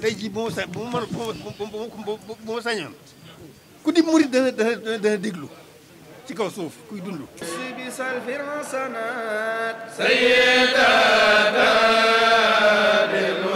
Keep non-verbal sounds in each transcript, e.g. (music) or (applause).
tey jii bu ma sa bu ma ku di murit dana dana dana ci kaw suuf kuy dund. سيدنا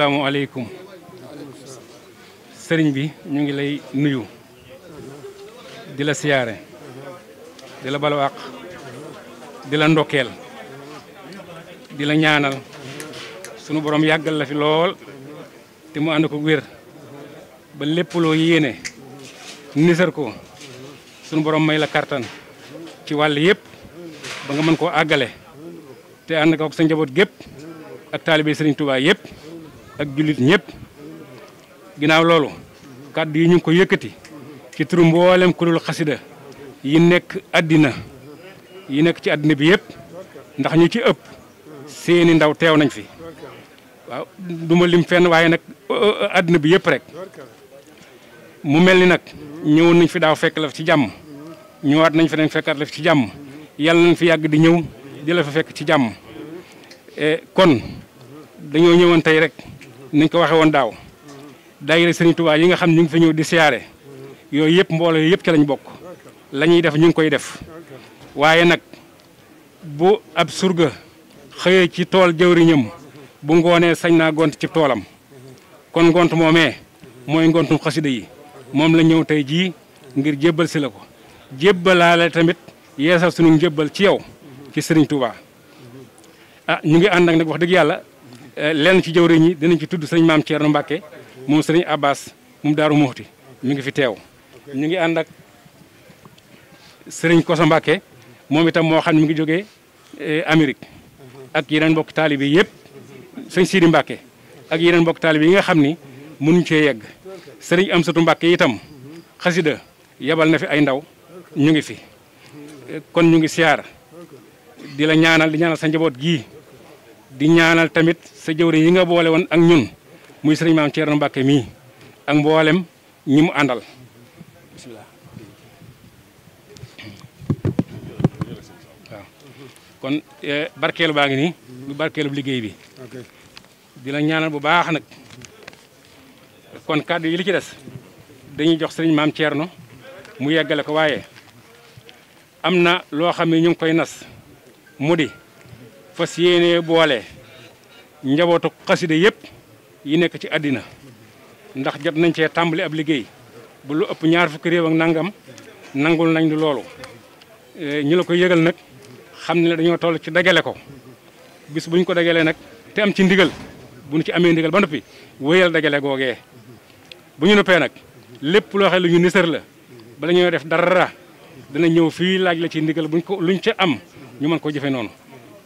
asalaamualeykum sëriñ bi ñu ngi lay nuyu di la siyaare di la balwaaq di la ndokkeel di la ñaanal sunu borom yàggal la fi lool te mu ànd ko wér ba lépp loo yéene nisar ko sunu borom may la kartan ci wàll yëpp ba nga mën koo àggale te ànd ko sa njaboot gépp ak taalibe sëriñ Tuubaa yëpp ak jullit ñëpp ginnaaw loolu kàddu yi ñu ngi ko yëkkati ci turu mboolem ku dul xasida yi nekk àddina yi nekk ci àddina bi yëpp ndax ñu ci ëpp seeni ndaw teew nañ fi waaw lim fenn waaye nag àddina bi yëpp rek mu mel ni nag ñëwoon nañ fi daaw fekk la ci jàmm ñëwaat nañ fi nañ fekkaat la ci jàmm yàlla nañ fi yàgg di ñëw di la fa fekk ci jàmm e, kon dañoo ñëwoon tey rek niñ ko waxee woon daaw daayira Serigne Touba yi nga xam ñu ngi fi ñëw di siyaare yooyu yëpp mbooloo yëpp ca lañ bokk lañuy def ñu ngi koy def waaye nag bu ab surga xëyee ci tool jëwriñam bu ngoonee sañ naa gont ci toolam kon ngont moomee mooy ngontum xasida yi moom la ñëw tey jii ngir jébbal si la ko jébbalaale tamit yeesal sunu njébbal ci yow ci Serigne Touba ah ñu ngi ànd ak nag wax dëgg yàlla Eh, lenn ci jëwriñ yi dinañ ci tudd sëriñ maam Thierno Mbacke moom sëriñ Abbas moom Daaru Muxti mu ngi fi teew ñu ngi ànd ak sëriñ Koso Mbacke moom itam moo xam ne mi ngi jógee eh, Amérique ak yeneen mbokk taalibe yëpp sëñ Sidi Mbacke ak yeneen mbokk taalibe yi nga xam ni mënuñ cee yegg sëriñ Amsatu Mbacke itam xasida yabal na fi ay ndaw ñu ngi fi eh, kon ñu ngi siyaar di la ñaanal di ñaanal sa njaboot gii di ñaanal tamit sa jëwriñ yi nga boole woon ak ñun muy sëriñ maam Thierno Mbacke mii ak mboolem ñi mu àndal bisimilah waaw kon eh, barkeelu baa ngi nii lu barkeelu liggéey bi di ñaanal bu baax nag kon kàddu yi li ci des dañuy jox sëriñ maam Thierno mu yeggale ko waaye am na loo xam ne ñu ngi koy nas mu di fas yéene boole njabootu xaside yëpp yi nekk ci àddina ndax jot nañ cee tàmbali ab liggéey bu lu ëpp ñaar fukki réew nangam nangul nañ loolu eh, ñu la ko yëgal nag xam ne dañoo toll ci dagale ko bis buñ ko dagalee nag te am ci ndigal bu ñu ci amee ndigal ba noppi wéyal dagale googee bu ñu noppee nag lépp loo xam lu ñu nisar la bala ñoo def dara dana ñëw fii laaj la ci ndigal buñ ko luñ ca am ñu mën ko jëfe noonu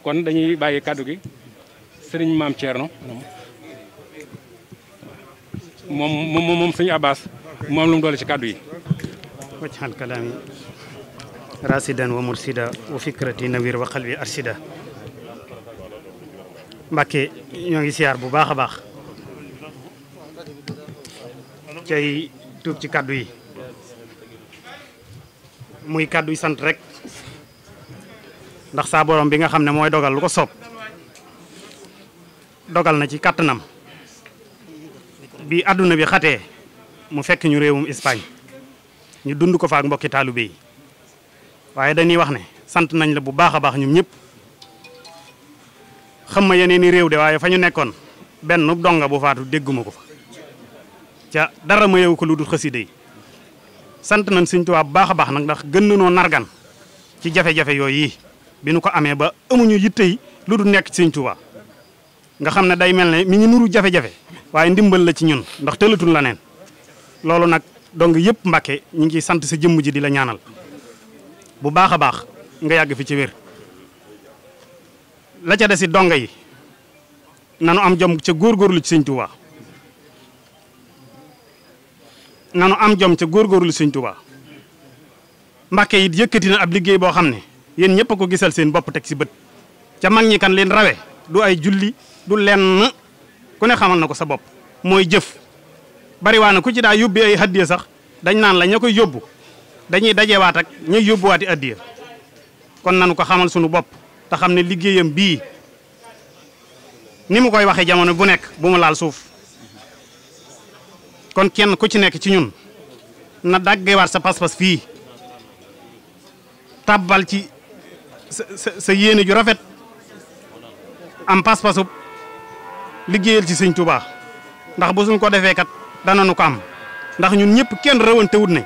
kon dañuy bàyyi kàddu gi sëriñ maam Thierno moom moom moom sëñ Abbas moom lu mu doole ci kàddu yi wajxal kalaami rasidan wa mursida wa fikrati nawir wa qalbi arsida Mbàkke ñoo ngi siyaar bu baax a baax cay tuub ci kàddu yi muy kàddu yi sant rek ndax saa bi nga xam ne mooy dogal lu ko soob dogal na ci kàttanam bi àdduna bi xatee mu fekk ñu réewum Espagne ñu dund ko fa ak mbokki taalibe yi waaye dañuy wax ne sant nañ la bu baax a baax ñun ñëpp xam ma yeneen i réew de waaye fa ñu nekkoon benn donga bu faatu dégguma ko fa ca dara ma yeewu ko lu dul xasida yi sant nañ Sëñ Tuubaa bu baax a baax nag ndax gën noo nargan ci jafe-jafe yooyu yi bi nu ko amee ba amuñu yitte yi lu du nekk sëñ Tuubaa nga xam ne day mel ne mi ngi nuru jafe-jafe waaye ndimbal la ci ñun ndax tëlatul la neen loolu nag donc yëpp Mbàkke ñu ngi sant sa jëmm ji di la ñaanal bu baax a baax nga yàgg fi ci wér la ca desi donga yi nanu am jom ca góor góorgóorlu ci sëñ Tuubaa nanu am jom ca góorgóorlu sëñ Tuubaa Mbàkke it yëkkati na ab liggéey boo xam ne yéen ñëpp ko gisal seen bopp teg si bët ca mag ñi kan leen rawe du ay julli du lenn ku ne xamal na ko sa bopp mooy jëf bari waa na ku ci daa yóbbi ay addiya sax dañ naan la ña koy yóbbu dañuy dajewaat ak ña yóbbuwaati addiya kon nanu ko xamal sunu bopp te xam ne liggéeyam bii ni mu koy waxee jamono bu nekk bu mu laal suuf kon kenn ku ci nekk ci ñun na daggewaat sa pas fii tabbal ci sa sa yéene ju rafet am pas-pasub liggéeyal ci sëñ Tuubaa ndax bu suñ ko defee kat dana nu ko am ndax ñun ñëpp kenn rawante wut ne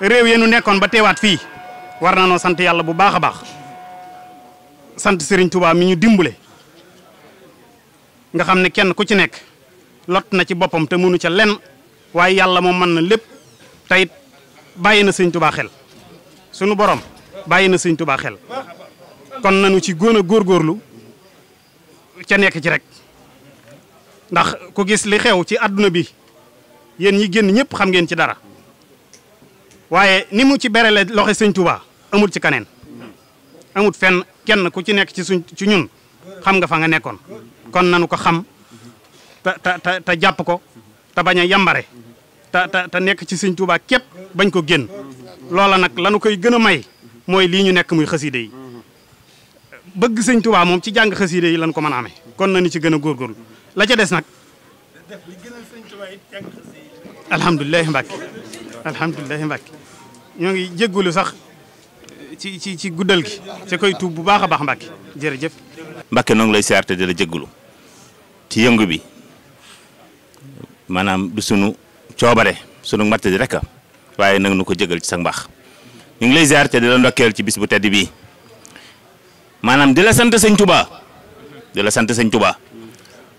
réew yi nu nekkoon ba teewaat fii war na noo sant yàlla bu baax a baax sant sëriñ tubaa mi ñu dimbule nga xam ne kenn ku ci nekk lot na ci boppam te mënu ca lenn waaye yàlla moom mën na lépp te bàyyi na Serigne Touba xel sunu borom. bàyyi na sëñ Tuubaa xel kon nanu ci gën góor góorlu ca nekk ci rek ndax ku gis li xew ci àdduna bi yéen ñi génn ñëpp xam ngeen ci dara waaye ni mu ci berele loxe sëñ Tuubaa amut ci kaneen amut fenn kenn ku ci nekk ci suñ ci ñun xam nga fa nga nekkoon kon nanu ko xam te te te jàpp ko te bañ a yambare te te nekk ci sëñ Tuubaa képp bañ ko génn loola nag lanu koy gën a may mooy lii ñu nekk muy xasida yi bëgg sëñ Tuubaa moom ci jàng xasida yi lañ ko mën a amee kon nañu ci gën a góorgóorlu la ca des nag alhamdulilahi mbàkke alhamdulilahi mbàkke ñoo ngi jéggulu sax ci ci ci guddal gi ca koy bu baax a baax mbàkke jërëjëf mbàkke noo lay siyaar te di la jéggulu ci yëngu bi maanaam du sunu coobare sunu matt di rek waaye nag nu ko jégal ci sa mbaax ñu ngi lay ziar te di la ndokkeel ci bis bu tedd bii maanaam di la sant sëñ Touba di la sant sëñ Touba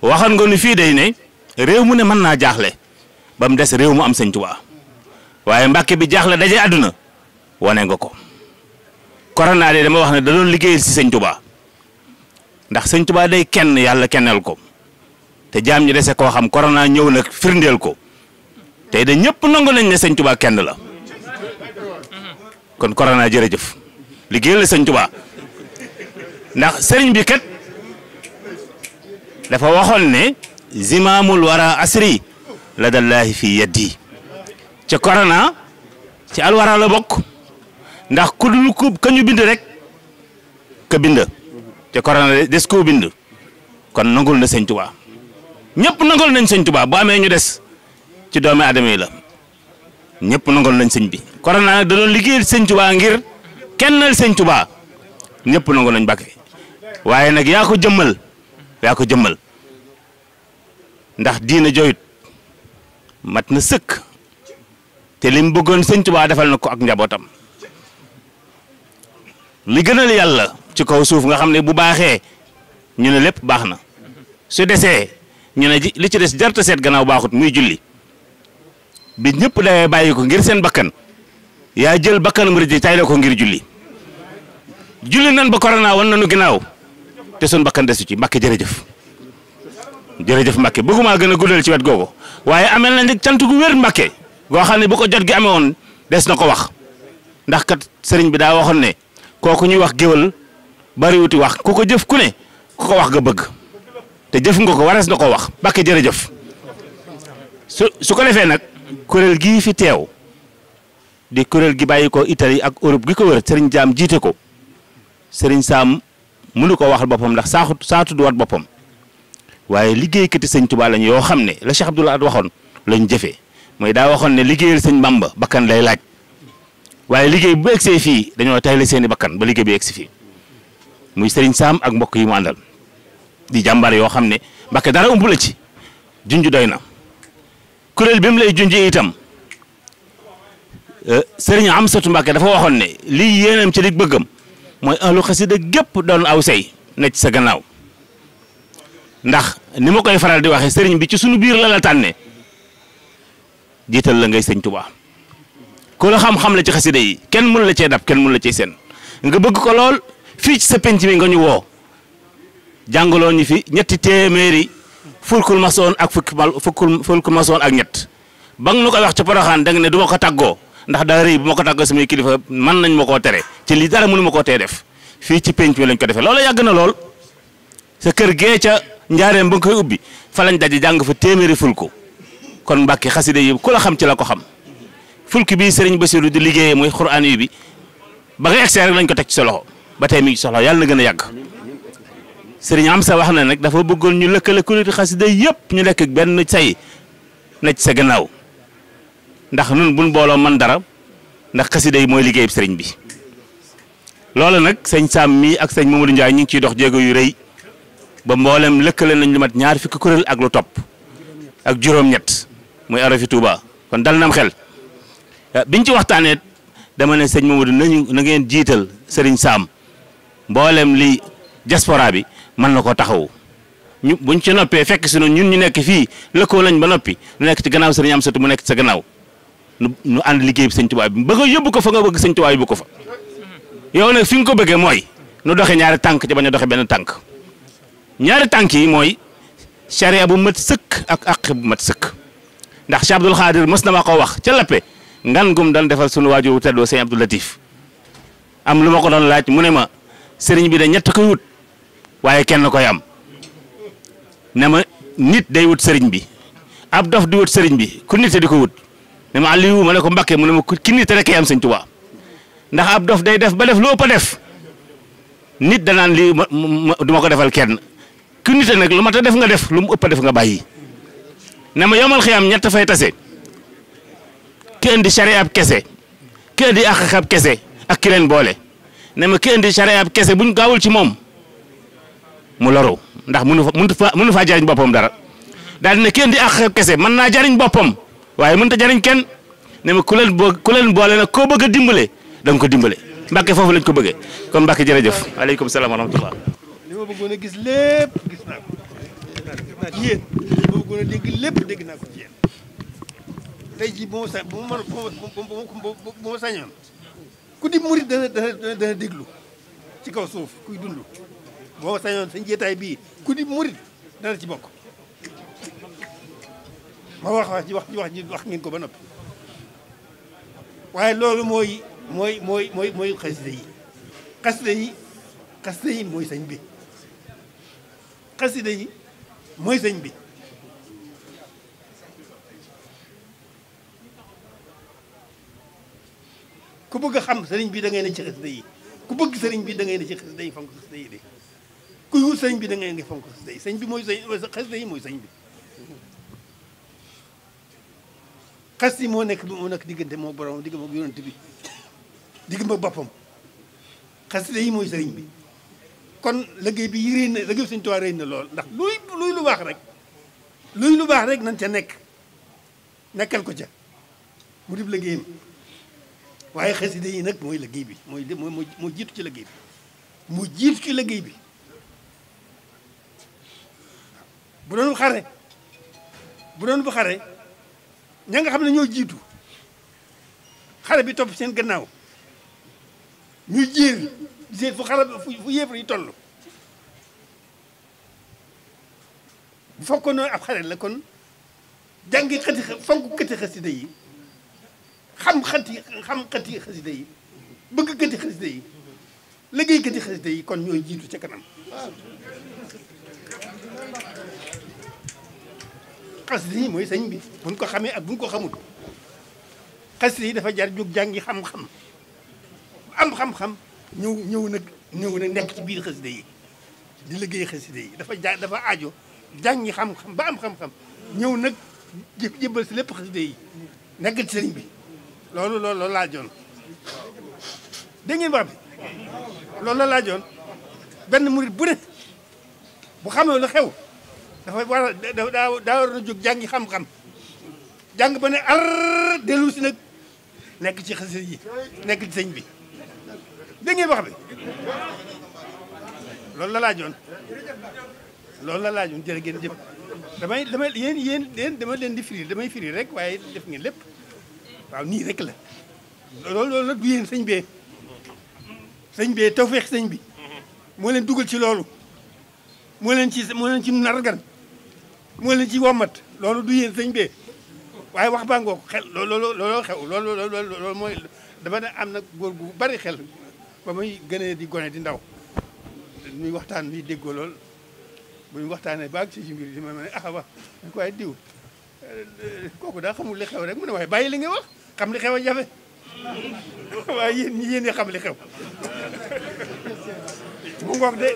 waxan nga ni fii day ne réew mu ne mën naa jaaxle ba mu des réew mu am sëñ Touba waaye Mbàkke bi jaaxle daje àdduna wane nga ko corona de dama wax ne da doon liggéeyal si sëñ Touba ndax sëñ tubaa dey kenn yàlla kennal ko te jaam ñi dese koo xam corona ñëw nag firndeel ko tey de ñëpp nangu nañ ne sëñ Touba kenn la. kon corona jërëjëf liggéeyal la sëñ Tuubaa ndax sëriñ bi kët dafa waxoon ne zimaamul wara asri la dallaahi fi yaddi ci corona ci alwara la bokk ndax ku dul ku kañu bind rek ka bind ca corona des koo bind kon nangul na sëñ Tuubaa ñëpp nangul nañ sëñ Tuubaa bu amee ñu des ci doomi aadama yi la ñëpp nangul nañ sëñ bi corona nag da doon liggéeyal sëñ Tuubaa ngir kennal sëñ Tuubaa ñëpp nangu nañ bakke waaye nag yaa ko jëmmal yaa ko jëmmal ndax diina joyut mat na sëkk te lim bëggoon sëñ Tuubaa defal na ko ak njabootam li gënal yàlla ci kaw suuf nga xam ne bu baaxee ñu ne lépp baax na su desee ñu ne li ci des jarta seet gannaaw baaxut muy julli bi ñëpp dawee bàyyi ko ngir seen bakkan yaa jël bakkanam rëdd tayle ko ngir julli julli nan ba corona wan nanu ginnaaw te sun bakkan desu ci jëf jërëjëf jërëjëf Mbàkke bëggumaa gën a guddal ci wet googu waaye amel na nag cant gu wér Mbàkke goo xam ne bu ko jot gi amee woon des na ko wax ndax kat sëriñ bi daa waxoon ne kooku ñuy wax géwal bariwuti wax ku ko jëf ku ne ku ko wax ga bëgg te jëf nga ko warees na ko wax mbakke Mbàkke jëf su su ko defee nag kuréel gii fi teew di kuréel gi bàyyi ko itali ak Europe gi ko wër Serigne Jaam jiite ko Serigne Sam mënu ko waxal boppam ndax saa saatu du wat boppam waaye liggéeykati sëñ Tuubaa lañ yoo xam ne la Cheikh Abdoul Ahad waxoon lañ jëfee mooy daa waxoon ne liggéeyal sëñ Bamba bakkan lay laaj waaye liggéey bu egsee fii dañoo tayle seeni bakkan ba liggéey bi egsi fii muy Serigne Sam ak mbokk yi mu àndal di jàmbaar yoo xam ne Mbàkke dara ump la ci junj doy na kuréel bi lay junj itam. sëriñ Amsatu Mbàkke dafa waxoon ne lii yéenam ci li bëggam mooy ahlu xasida gépp doon aw say nekk sa gannaaw ndax ni ma koy faral di waxee sëriñ bi ci suñu biir la la tànne jiital la ngay sëñ Tuubaa ku la xam-xam la ci xasida yi kenn mënu la cee dab kenn mun la cee seen nga bëgg ko lool fii ci sa penc mi nga ñu woo jàngaloo ñu fi ñetti téeméeri fulkul masoon ak fukki fukkul fulkul masoon ak ñett ba nga nu ko wax ca Poroxaan da nga ne du ko tàggoo ndax daa rëy bu ma ko tàggoo samay kilifa man nañ ma koo tere ci lii dara mënuma ma koo tee def fii ci penc mi lañ ko defee loolu yàgg na lool sa kër gee ca njaareem ba nga koy ubbi fa lañ daje jàng fa téeméeri fulku kon mbàkki xasida yi ku la xam ci la ko xam fulku bii sëriñ ba Basiru di liggéeyee muy xuraan yi bi ba nga egsee rek lañ ko teg ci sa loxo ba tey mi ngi soxla yàlla na gën a yàgg sëriñ sa wax na nag dafa bëggoon ñu lëkkale kuréel xasida yëpp ñu lekk benn say na ci sa gannaaw ndax nun buñ mbooloo man dara ndax xasida mooy liggéey liggéeyub sëriñ bi loolu nag sëñ Sam mii ak sëñ Mamadou Ndiaye ñu ngi ciy dox jéego yu rëy ba mbooleem lëkkale nañ lu mat ñaar fukki kuréel ak lu topp ak juróom-ñett muy arafi Touba kon dal nam xel euh, biñ ci waxtaanee dama ne sëñ Mamadou nañu na ngeen jiital sëriñ Sam mboolem li diaspora bi mën na koo taxawu ñu buñ ci noppee fekk si ñun ñu nekk fii lëkkoo lañ ba noppi lu nekk ci gannaaw sëriñ am sëtu mu nekk ci sa nu ànd liggéey bi sëñ Tuubaa bi ba nga ko fa nga bëgg sëñ Tuubaa yóbbu ko fa yow nag fi nga ko bëggee mooy nu doxee ñaari tànk ci bañ a doxee benn tànk ñaari tànk yi mooy charia bu mat sëkk ak àq bu mat sëkk ndax Cheikh Abdoul Khadir ko wax ca lappe ngan daan defal sunu waajur wu teddoo sëñ Abdoul Latif lu ma ko doon laaj mu ne ma sëriñ bi da ñett ko wut waaye kenn koy am ne ma nit day wut sëriñ bi ab dof di wut sëriñ bi ku nit di ko wut. ne ma Aliou ma ne ko Mbacke mu ne ma ki nit rek am sëñ Tuubaa ndax ab dof day def ba def lu ëpp a def nit danaan lii du ma ko defal kenn ki nit nag lu mat a def nga def lu mu ëpp a def nga bàyyi ne ma yomal xiyaam ñett fay tase ki indi charia ab kese ki indi àq ab kese ak ki leen boole ne ma ki indi charia ab kese buñ gaawul ci moom mu loru ndax mënu fa mënu fa mënu faa jariñ boppam dara daal di ne ki indi àq ab kese mën naa jariñ boppam. waaye mënut a jariñ kenn ne ma ku leen boo ku leen boole na koo bëgg a dimbale da ko dimbale Mbàkke foofu lañ ko bëggee kon Mbàkke jërëjëf. aleykum salaam wa rahmatullah. li ma bëggoon a gis lépp gis naa ko ci yéen lépp dégg naa ko ci jii bu ma sa bu ma sañoon ku di murit dana dana dana ci kaw suuf kuy dund boo ma sañoon sa njéetaay bii ku di murit dana ci bokk. ma wax wax wax ji wax ji wax ngeen ko ba noppi waaye loolu mooy mooy mooy mooy mooy xasida yi xasida yi xasida yi mooy sëñ bi xasida yi mooy sëñ bi ku bëgg a xam sëriñ bi da ngay ne ci xasida yi ku bëgg sëriñ bi da ngay ne ci xasida yi fonk xasida yi bi da ngay ne fonk xasida yi bi mooy sëñ xasida yi mooy sëñ bi xas moo nekk moo nekk diggante moo borom digg moog yonent bi digg moog boppam xas yi mooy sëriñ bi kon liggéey bi yi réy na bi Sëriñ Tuubaa réy lool ndax luy luy lu baax rek luy lu baax rek nañ ca nekk nekkal ko ca mu dib liggéeyam waaye xasida yi nag mooy liggéey bi mooy moo moo jiitu ci liggéey bi moo jiitu ci liggéey bi bu doon bu xare bu doon bu xare ña ngi xam ne ñoo jiitu xale bi topp seen gannaaw ñu jéer jéer fu xale fu yéefar yi toll bu noonu ab xale la kon jàngi xati fonk këti xasida yi xam xati xam xati xasida yi bëgg këti xasida yi liggéey këti xasida yi kon ñooy jiitu ci kanam xasida yi mooy sañ bi buñ ko xamee ak buñ ko xamul xas yi dafa jar jóg jàngi xam-xam am xam-xam ñëw ñëw nag ñëw nag nekk ci biir xas yi di liggéey xasida yi dafa ja dafa aajo jàngi xam-xam ba am xam-xam ñëw nag jébbal si lépp xasida yi nekk ci sëñ bi loolu loolu loolu laajoon dégg ngeen wax loolu la laajoon benn murit bu ne bu xamee lu xew dafa war a daa war a jóg jàngi xam-xam jàng ba ne ar dellu si nag nekk ci xasida yi nekk ci sëñ bi dégg ngeen wax bi loolu la laajoon loolu la laajoon jërë ngeen jëf damay damay yéen yéen yéen dama leen di firi damay firi rek waaye def ngeen lépp waaw nii rek la loolu loolu nag du yéen sëñ bee sëñ bee tawfeex sëñ bi moo leen dugal ci loolu moo leen ci moo leen ci nargan moo leen ci wommat loolu du yéen sëñ bee waaye wax baa ngoog xel loolu loolu loolu mooy dama ne am na góor gu bari xel ba muy gënee di gone di ndaw muy waxtaan muy déggoo lool muy ñu waxtaanee baag ci mbir di ma ne ah wax ñu ko waaye diw kooku daa xamul li xew rek mu ne waaye bàyyi li nga wax xam li xew a jafe waaye yéen ñi xam li xew (laughs) mu ngoog de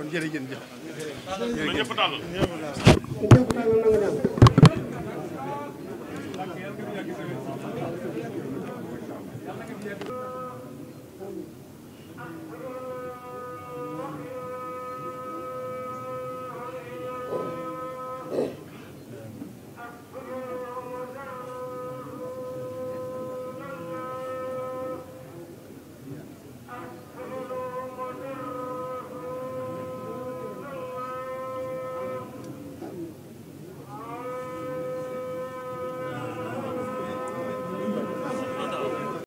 kon jërëjëf jëf na ñëpp tàllal ñëpp tàllal na nga ñaan Thank you.